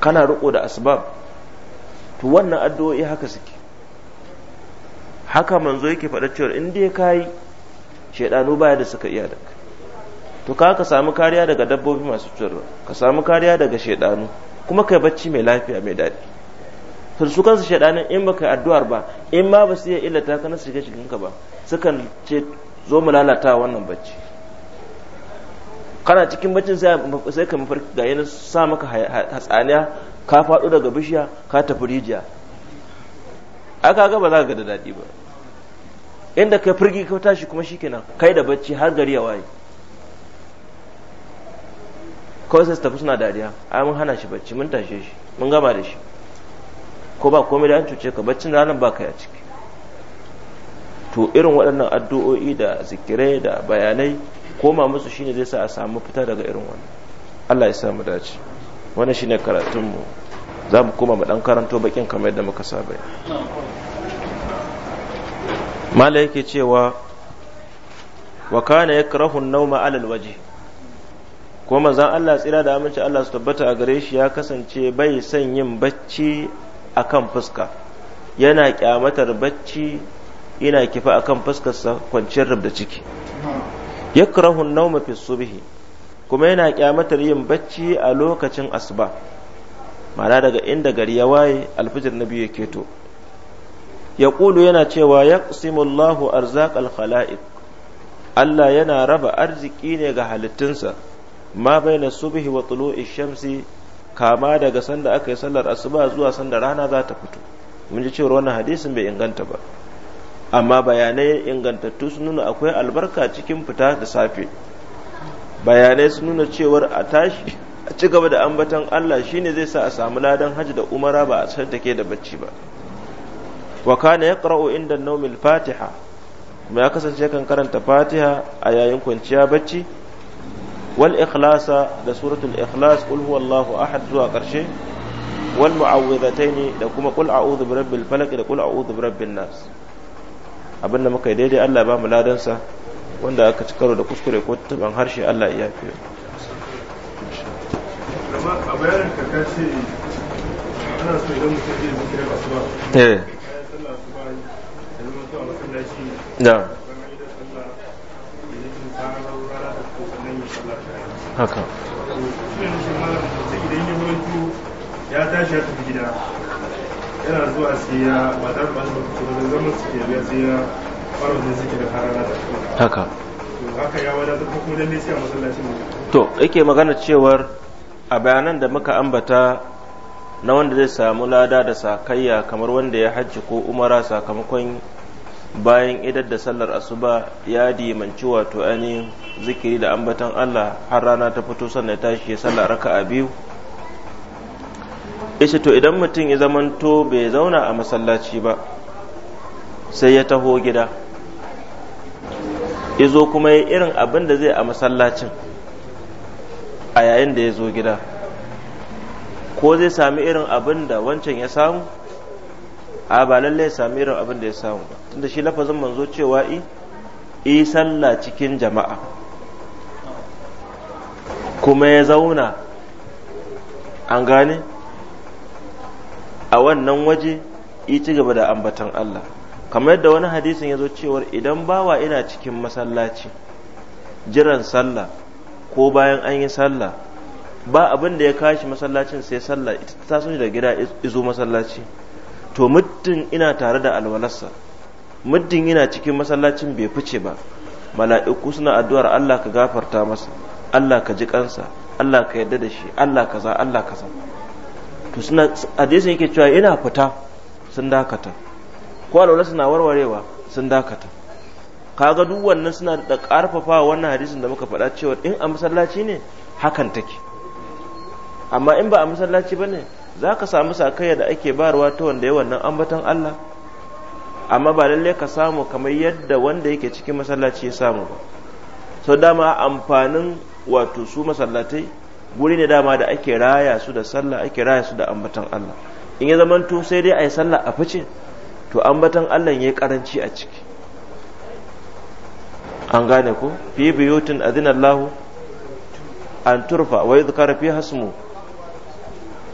kana riko da asbab to wannan addu'o'i haka suke haka manzo yake faɗa cewa in dai kai shedanu baya da suka iya daga to ka ka samu kariya daga dabbobi masu cutarwa ka samu kariya daga shedanu kuma kai bacci mai lafiya mai daɗi to su kansu shaidanin in baka addu'ar ba in ma ba su iya illata ka na shiga ka ba sukan ce zo mu lalata wannan bacci kana cikin baccin sai ka mafarki ga yana sa maka hatsaniya ka faɗo daga bishiya ka tafi rijiya aka ga ba za ka ga da daɗi ba inda ka firgi ka tashi kuma shikenan kai da bacci har gari ya waye kawai sai su tafi suna dariya ai mun hana shi bacci mun tashe shi mun gama da shi ko ba komai da an cuce ka baccin ranar ba kai ya ciki to irin waɗannan addu'o'i da zikirai da bayanai koma musu shine zai sa a samu fita daga irin wannan Allah ya sa mu dace wannan shine karatun mu za mu koma mu dan karanto bakin kamar yadda muka saba mala yake cewa wa kana yakrahu an-nawma 'ala al-wajh ko manzon Allah tsira da aminci Allah su tabbata a gare shi ya kasance bai son yin bacci akan fuska yana kyamatar bacci ina kifa akan fuskarsa kwanciyar rubda ciki yakrahu an-nawma fi subhi kuma yana kyamatar yin bacci a lokacin asuba Mara daga inda gari ya waye alfijir na biyu yake to ya kulu yana cewa ya Allahu arzak al-khala'iq Allah yana raba arziki ne ga halittunsa ma na subhi wa tulu'i shamsi kama daga sanda aka yi sallar asuba zuwa sanda rana za ta fito mun ji cewa wannan hadisin bai inganta ba amma bayanai ingantattu sun nuna akwai albarka cikin fita da safe bayanai sun nuna cewar a tashi a ci gaba da ambaton Allah shine zai sa a samu ladan hajji da umara ba a san take da bacci ba wa kana yaqra'u inda an al-fatiha kuma ya kasance kan karanta fatiha a yayin kwanciya bacci wal ikhlasa da suratul ikhlas qul huwallahu ahad zuwa karshe wal mu'awwidhataini da kuma qul a'udhu birabbil falaq da qul a'udhu birabbin nas abinda muka yi daidai Allah ba mu ladan sa wanda aka ci karo da kuskure ko taban harshe Allah ya yafe haka ya tashi ya tafi gida yana zuwa sai ya matar ba su da zama su ke biya sai ya fara da suke da harana da haka haka ya wadatar ko kuma dan ne sai a masallacin to yake magana cewar a bayanan da muka ambata na wanda zai samu lada da sakayya kamar wanda ya hajji ko umara sakamakon bayan idar da sallar asuba ya dimanci wato ainihin zikiri da ambatan Allah har rana ta fito sannan tashi ya sallar a biyu ishe to idan mutum ya zamanto bai zauna a masallaci ba sai ya taho gida Izo kuma ya irin abin da zai a masallacin a yayin da ya zo gida ko zai sami irin abin da wancan ya samu a ba lalle ya sami irin abin da ya samu ba tunda shi lafazin manzo cewa i i sallah cikin jama'a kuma ya zauna an gane a wannan waje i ci gaba da ambatan Allah kamar yadda wani hadisin ya zo cewar idan bawa ina cikin masallaci jiran sallah ko bayan an yi sallah ba abin da ya kashi masallacin sai sallah ita ta so da gida izo masallaci to muddin ina tare da alwalarsa muddin ina cikin masallacin bai fice ba mala'iku suna addu'ar Allah ka gafarta masa Allah ka ji kansa Allah ka yarda da shi Allah kaza Allah kaza to suna hadisin yake cewa ina fita sun dakata ko alwala suna warwarewa sun dakata kaga duk wannan suna da karfafa wannan hadisin da muka faɗa cewa in a masallaci ne hakan take amma in ba a masallaci bane za ka samu sakayya da ake barwa ta wanda ya wannan ambaton Allah amma ba lalle ka samu kamar yadda wanda yake cikin masallaci ya samu ba sau dama amfanin wato su masallatai guri ne dama da ake raya su da sallah ake raya su da ambaton Allah in ya to sai dai a yi sallah a fice to ambaton Allah ya yi karanci a ciki an gane ku? fi biyutin adinallahu an turfa wa zukara fi hasmu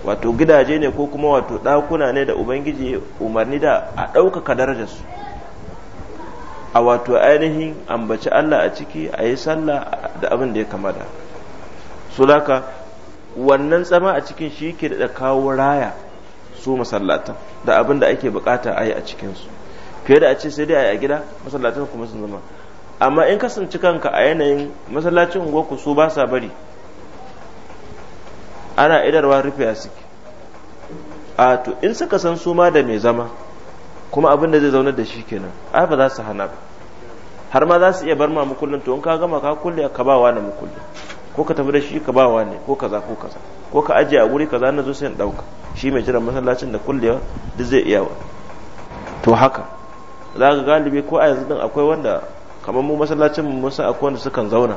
wato gidaje ne ko kuma wato ɗakuna ne da ubangiji umarni da a ɗaukaka darajarsu a wato ainihin ambaci Allah a ciki a yi sallah da abin da ya kamata sulaka wannan tsama a cikin shi ke da kawo raya su masallatan da abin da ake bukata a yi a cikinsu fiye da a ce sai dai a yi a gida masallatan kuma sun zama amma in kasance kanka a yanayin masallacin unguwarku su ba sa bari ana idarwa rufe a suke a to in suka san su ma da mai zama kuma abin da zai zauna da shi kenan ai ba za su hana ba har ma za su iya bar ma mukullin to in ka gama ka kulle ka ba wa na mukullin ko ka tafi da shi ka ba wa ne ko kaza ko kaza ko ka ajiye a guri kaza na zo sai in dauka shi mai jiran masallacin da kullewa duk zai iya wa to haka za ka galibi ko a yanzu din akwai wanda kamar mu masallacin mu musa akwai wanda sukan zauna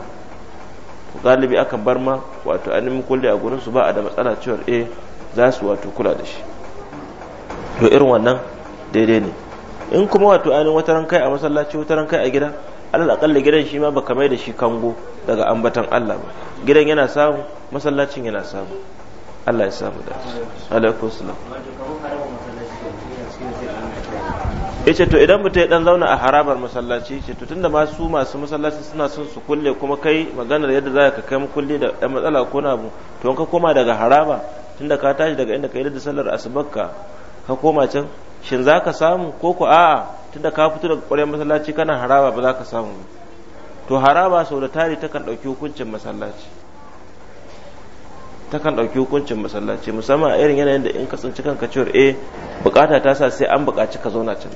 galibi aka bar ma wato ainihin kulle a gurin su ba a da matsala cewar eh za su wato kula da shi to irin wannan daidai ne in kuma wato ainihin wata rankai a masallaci wata rankai a gida alal akalla gidan shi ma baka mai da shi kango daga ambatan Allah ba gidan yana samu masallacin yana samu Allah ya samu da alaikum salam ce to idan mutum ya dan zauna a harabar masallaci ce to tunda ma su masu masallaci suna son su kulle kuma kai maganar yadda za ka kai kulle da ɗan matsala ko na abu to ka koma daga haraba tunda ka tashi daga inda ka yi da sallar asubar ka koma can shin za ka samu ko ku a'a tunda ka fito daga ƙwarar masallaci kana haraba ba za ka samu to haraba sau da tari takan ɗauki hukuncin masallaci takan ɗauki hukuncin masallaci musamman a irin yanayin da in ka tsinci kanka cewar eh bukata ta sa sai an bukaci ka zauna can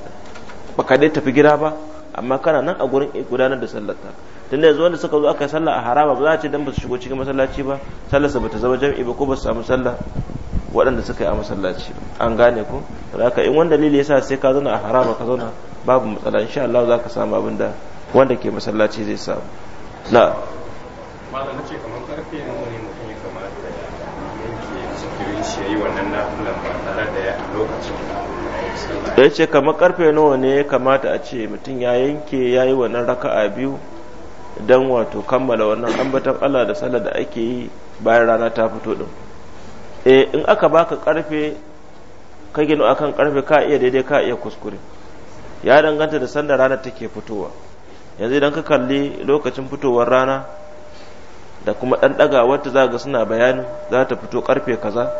ba ka dai tafi gida ba amma kana nan a gurin gudanar da sallar ta tunda yanzu wanda suka zo aka sallah a haraba ba za a ce dan ba su shigo cikin masallaci ba sallar ba ta zama jami'i ba ko ba su samu sallah waɗanda suka yi a masallaci an gane ko haka in wanda lili yasa sai ka zauna a haraba ka zauna babu matsala insha Allah za ka samu abin da wanda ke masallaci zai samu na malam ce kamar karfe ya ce kamar karfe nawa ne ya kamata a ce mutum ya yanke ya yi wannan raka'a biyu don wato kammala wannan ambatan Allah da sallah da ake yi bayan rana ta fito din e in aka baka karfe ka gino akan karfe ka iya daidai ka iya kuskure ya danganta da sanda rana take fitowa yanzu idan ka kalli lokacin fitowar rana da kuma ɗan ɗaga wata za ga suna bayanin za ta fito karfe kaza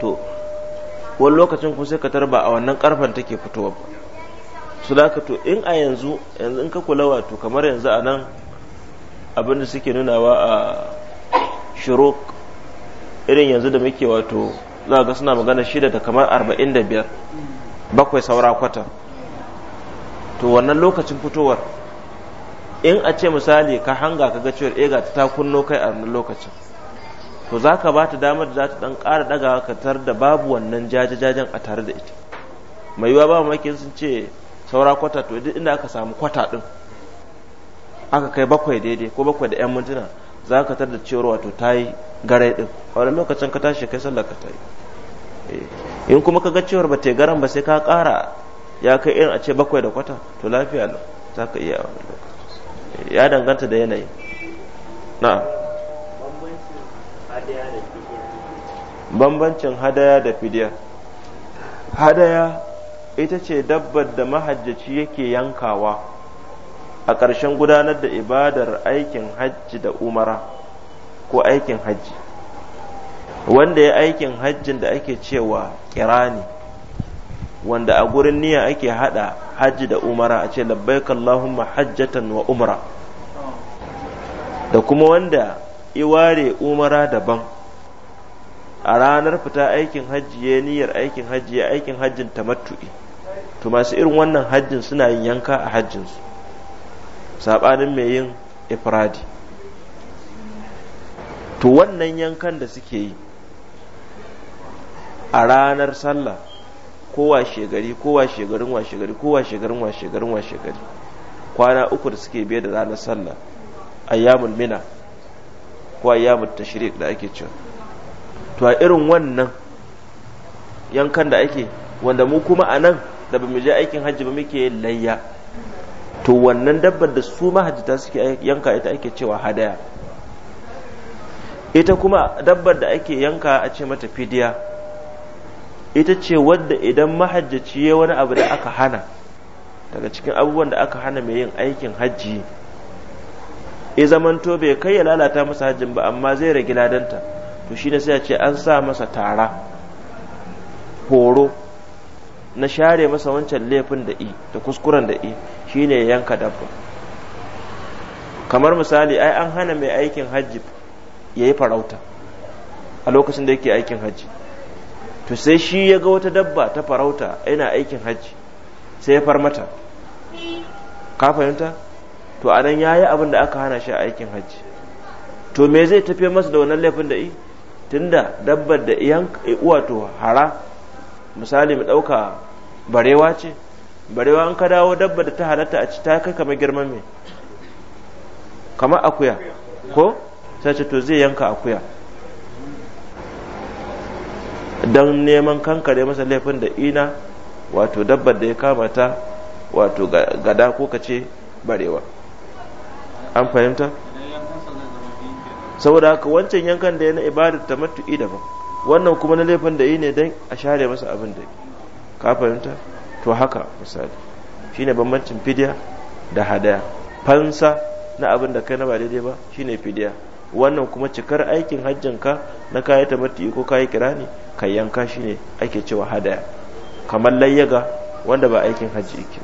to wani lokacin kuma sai ka tarba a wannan karfan take fitowa ba su da to in a yanzu yanzu in ka kula wato kamar yanzu a nan abin da suke nunawa a shirok irin yanzu da muke wato za ga suna magana shida da kamar arba'in da biyar bakwai saura kwata to wannan lokacin fitowar in a ce misali ka hanga ka ga cewar ega eh, ta kunno kai a wannan lokacin to za ka ba ta damar da za ta ɗan ƙara ɗaga ka tar da babu wannan jajajajen a tare da ita mai yiwa ba mamakin sun ce saura kwata to duk inda aka samu kwata ɗin aka kai bakwai daidai ko bakwai da 'yan mintuna za ka tar da cewar wato ta yi garai ɗin a wani lokacin ka tashi kai sallar ka ta yi eh, in kuma ka ga cewar ba ta yi garan ba sai ka ƙara ya kai irin a ce bakwai da kwata to lafiya lau za ka iya a wani lokaci eh, ya danganta da yanayi na'am bambancin hadaya da fidiya hadaya ita ce dabbar da mahajjaci yake yankawa a ƙarshen gudanar da ibadar aikin hajji da umara ko aikin hajji wanda ya aikin hajjin da ake cewa kirani wanda a gurin niyan ake hada hajji da umara a ce labbaik hajjatan wa umara, da kuma wanda iware umara daban a ranar fita aikin hajji ya niyyar aikin hajji ya aikin hajjin ta matuƙi to masu irin wannan hajjin suna yin yanka a hajjinsu saɓanin mai yin ifradi to wannan yankan da suke yi a ranar sallah ko washe gari ko washe garin washe gari ko washe garin washe garin washe gari kwana uku da suke biye da ranar sallah ayyamul mina ko ta tashriq da ake cewa to a irin wannan yankan da ake wanda mu kuma a nan da ba mu je aikin hajji ba muke layya to wannan dabbar da su mahajjita suke yanka ita ake cewa hadaya ita kuma dabbar da ake yanka a ce mata fidiya ita ce wadda idan mahajjaci ya wani abu da aka hana daga cikin abubuwan da aka hana mai yin aikin hajji ya zamanto bai kai ya lalata masa hajjin ba amma zai rage ladanta to shine sai a ce an sa masa tara horo na share masa wancan laifin da i da kuskuren da i shine yanka dabba kamar misali ai an hana mai aikin hajji ya yi farauta a lokacin da yake aikin hajji to sai shi ya ga wata dabba ta farauta yana aikin hajji sai ya far mata ka fahimta to a nan ya yi abin da aka hana shi a aikin hajji to me zai tafiye masa da wannan laifin da i tunda dabbar da iyan to hara misali mu ɗauka barewa ce barewa an ka dawo dabbar da ta halatta a ci ta kai kamar girman me kamar akuya ko sai ce to zai yanka akuya don neman kankare masa laifin da ina wato dabbar da ya kamata wato gada ko kace barewa an fahimta saboda haka wancan yankan da ya na ibadar ta matu'i daban wannan kuma na laifin da yi ne don a share masa abin da ka fahimta to haka misali shine bambancin fidiya da hadaya fansa na abin da kai na ba daidai ba shine fidiya wannan kuma cikar aikin hajjin ka na kayi ta matu'i ko kayi kirani kai yanka shine ake cewa hadaya kamar layyaga wanda ba aikin hajji yake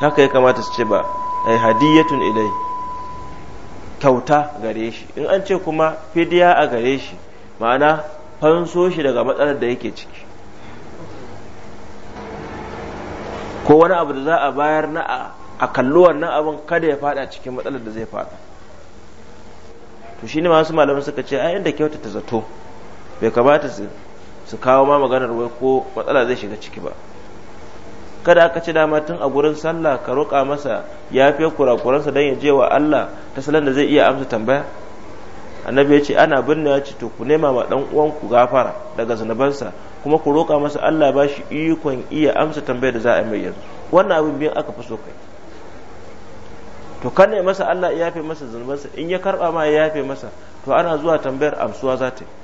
haka ya kamata su ce ba ai hadiyatun ilai kyauta gare shi in an ce kuma fidiya a gare shi ma'ana fanso shi daga matsalar da yake ciki ko wani abu da za a bayar na a kalluwar wannan abin kada ya fada cikin matsalar da zai fada to shi ne masu malamai suka ce ai inda kyauta ta zato bai kamata su kawo ma maganar wai ko matsala zai shiga ciki ba kada aka ci dama tun a gurin sallah ka roƙa masa ya fi kurakuransa don ya je wa Allah ta salon da zai iya amsa tambaya annabi ya ce ana binne ya ce to ku nema ma dan uwanku gafara daga zanabansa kuma ku roƙa masa Allah ba shi ikon iya amsa tambaya da za a mai yanzu wannan abin biyan aka fi so kai to kan masa Allah ya yafe masa zanabansa in ya karɓa ma ya yafe masa to ana zuwa tambayar amsuwa za ta yi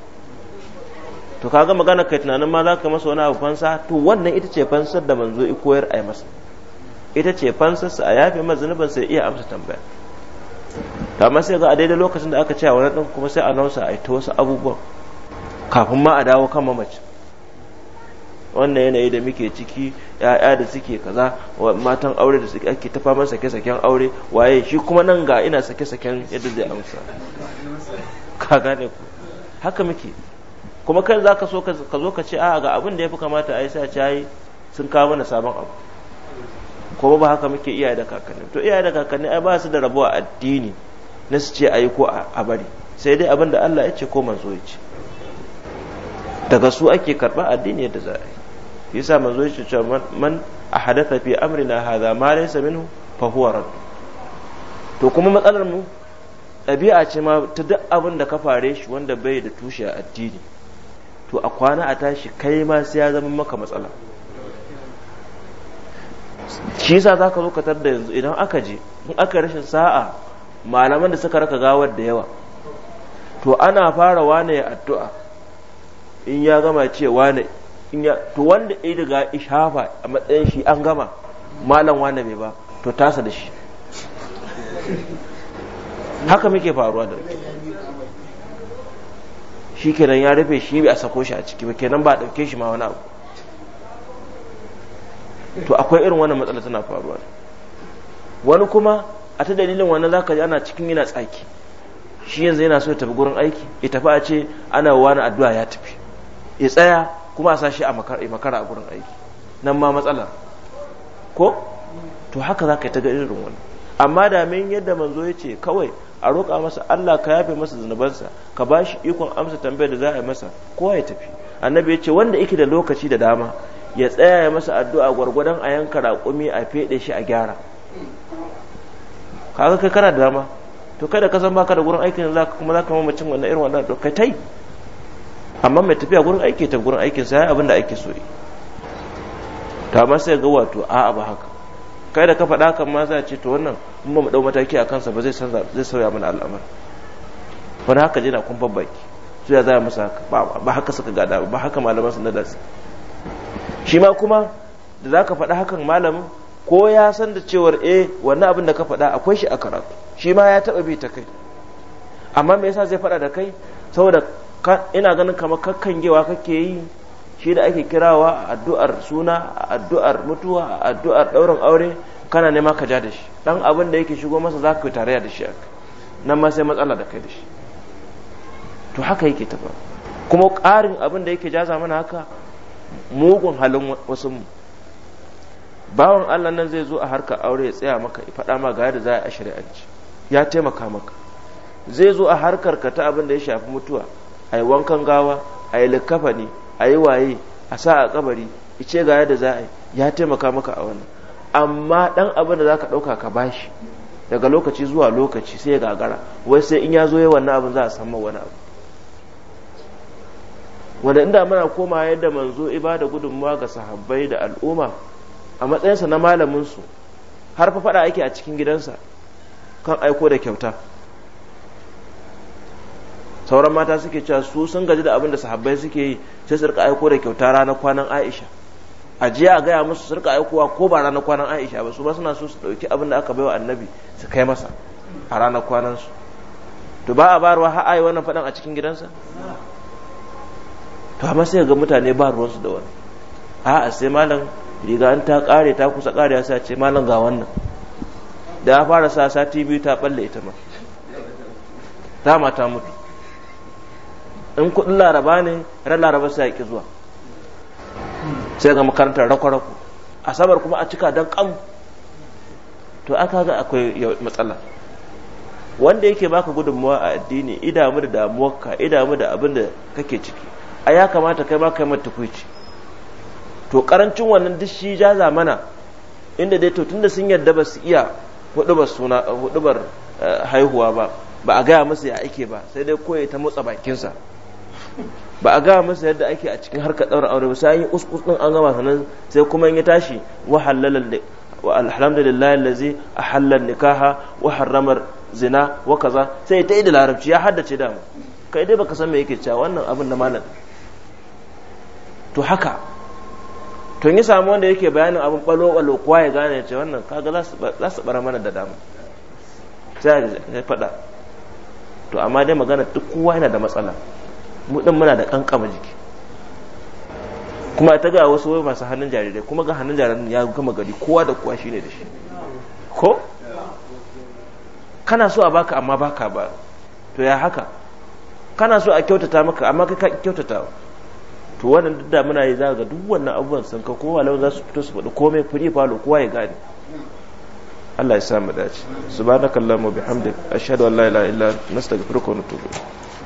to kaga magana kai tunanin ma za ka masa wani abu fansa to wannan ita ce fansar da manzo i koyar a masa ita ce fansar sa a yafe masa zunubin sai iya amsa tambaya to amma sai ga a daidai lokacin da aka ce wani ɗan kuma sai a nausa a ta wasu abubuwan kafin ma a dawo kan mamacin wannan yanayi da muke ciki ya'ya da suke kaza matan aure da suke ake tafa faman sake-saken aure waye shi kuma nan ga ina sake-saken yadda zai amsa ka gane ku haka muke kuma kai za ka so ka zo ka ce a ga abin da ya fi kamata a yi sa ci sun kawo mana sabon abu kuma ba haka muke iyaye da kakanni to iyaye da kakanni ai ba su da rabuwa addini na su ce a yi ko a bari sai dai abin da Allah ya ce ko manzo ya ce daga su ake karɓa addini yadda za a yi yasa manzo ya ce man a hadatha fi amrina hadha ma laysa minhu fa huwa rad to kuma matsalar mu ɗabi'a ce ma ta duk abin da ka fare shi wanda bai da tushe a addini to a kwana a tashi kai ma sai ya zama maka matsala shi yasa za ka zo da yanzu idan aka je in aka rashin sa'a malaman da suka raka gawar da yawa to ana fara wane ya addu'a in ya gama ce wane to wanda ya daga ishafa a matsayin shi an gama malam wane mai ba to tasa da shi haka muke faruwa da shi kenan ya rufe shi a sako shi a ciki ba kenan ba a ɗauke shi ma wani abu to akwai irin wannan matsala tana faruwa wani kuma a ta dalilin wannan zaka ji ana cikin yana tsaki shi yanzu yana so ya tafi gurin aiki ya tafi a ce ana wani addu'a ya tafi ya tsaya kuma a sashi a makara a gurin aiki nan ma matsala ko to haka za ka yi ta ga irin wannan amma da min yadda manzo ya ce kawai a roƙa masa Allah ka yafe masa zunubansa ka ba shi ikon amsa tambayar da za a yi masa kowa ya tafi annabi ya ce wanda yake da lokaci da dama ya tsaya ya masa addu'a gwargwadon a yanka raƙumi a feɗe shi a gyara kaga kai kana da dama to kada ka san baka da gurin aikin zaka kuma za zaka mamacin wannan irin wannan kai tai amma mai tafiya gurin aiki ta gurin aikin sa abin da ake so yi ta masa ya ga wato a'a ba haka kai da ka faɗa kan ma za a ce to wannan in ba mu ɗau mataki a kansa ba zai zai sauya mana al'amar wani haka jina kun babbaki su ya zaya masa haka ba haka suka gada ba haka malaman sun da su shi ma kuma da za ka faɗa hakan malamin ko ya san da cewar eh wannan abin da ka faɗa akwai shi a karatu shi ma ya taɓa bi ta kai amma me yasa zai faɗa da kai saboda ina ganin kamar kakkangewa kake yi shi da ake kirawa addu'ar suna a addu'ar mutuwa a addu'ar ɗaurin aure kana nema ka ja da shi ɗan abin da yake shigo masa za ka yi tarayya da shi nan ma sai matsala da kai da shi to haka yake tafa kuma ƙarin abin da yake jaza mana haka mugun halin wasu mu bawan Allah nan zai zo a harka aure ya tsaya maka ya faɗa ma ga yadda za a shari'anci ya taimaka maka zai zo a harkar ka ta abin da ya shafi mutuwa a yi wankan gawa a yi likkafa a yi waye a sa a kabari ice ga yadda za a yi ya taimaka maka a wannan amma dan abin da zaka ka ɗauka ka bashi daga lokaci zuwa lokaci sai ya gagara wai sai in ya zo ya wannan abin za a samu wani abu wanda inda muna koma yadda manzo da gudunmawa ga sahabbai da al'umma a matsayinsa na malaminsu har fa faɗa ake a cikin gidansa kan aiko da kyauta sauran mata suke cewa su sun gaji da abin da sahabbai suke yi sai su rika aiko da kyauta ranar kwanan Aisha a jiya a gaya musu su rika aikowa ko ba ranar kwanan Aisha ba su ba suna so su dauki abin da aka wa annabi su kai masa a ranar kwanan su to ba a barwa har ai wannan fadan a cikin gidansa to amma sai ga mutane ba ruwan su da wani a'a sai malam riga an ta kare ta kusa kare sai a ce malam ga wannan da ya fara sa sati biyu ta balle ita ma ta mata mutu in kuɗin laraba ne ran laraba sai ya zuwa sai ga makarantar rako-rako asabar kuma a cika dan kan to aka ga akwai matsala wanda yake baka gudunmuwa a addini idamu da damuwarka idamu da abin da kake ciki a ya kamata kai ma kai mata kuici to karancin wannan duk shi ja zamana inda dai to tunda sun yarda ba su iya hudubar suna hudubar eh, haihuwa ba ba a gaya masa ya ake ba sai dai koyi ta motsa bakinsa ba a gaya masa yadda ake a cikin harkar ɗaura aure ba sai yi uskus ɗin an gama sannan sai kuma ya tashi wa halal wa alhamdulillah allazi ahalla nikaha wa harramar zina wa kaza sai ta yi da larabci ya haddace da mu kai dai baka san me yake cewa wannan abin na malam to haka to yi samu wanda yake bayanin abin balo balo kuwa ya gane ce wannan kaga za su bara mana da dama sai ya faɗa to amma dai magana duk kowa yana da matsala mu dan muna da kankama jiki kuma ta ga wasu wai masu hannun jarirai kuma ga hannun jarirai ya gama gari kowa da kowa shine da shi ko kana so a baka amma baka ba to ya haka kana so a kyautata maka amma kai ka kyautata to wannan duk da muna yi za ga duk wannan abubuwan sun ka kowa lawan za su fito su faɗi komai free falo kowa ya gane Allah ya sa mu dace subhanakallahumma bihamdika ashhadu an la ilaha illa anta astaghfiruka wa atubu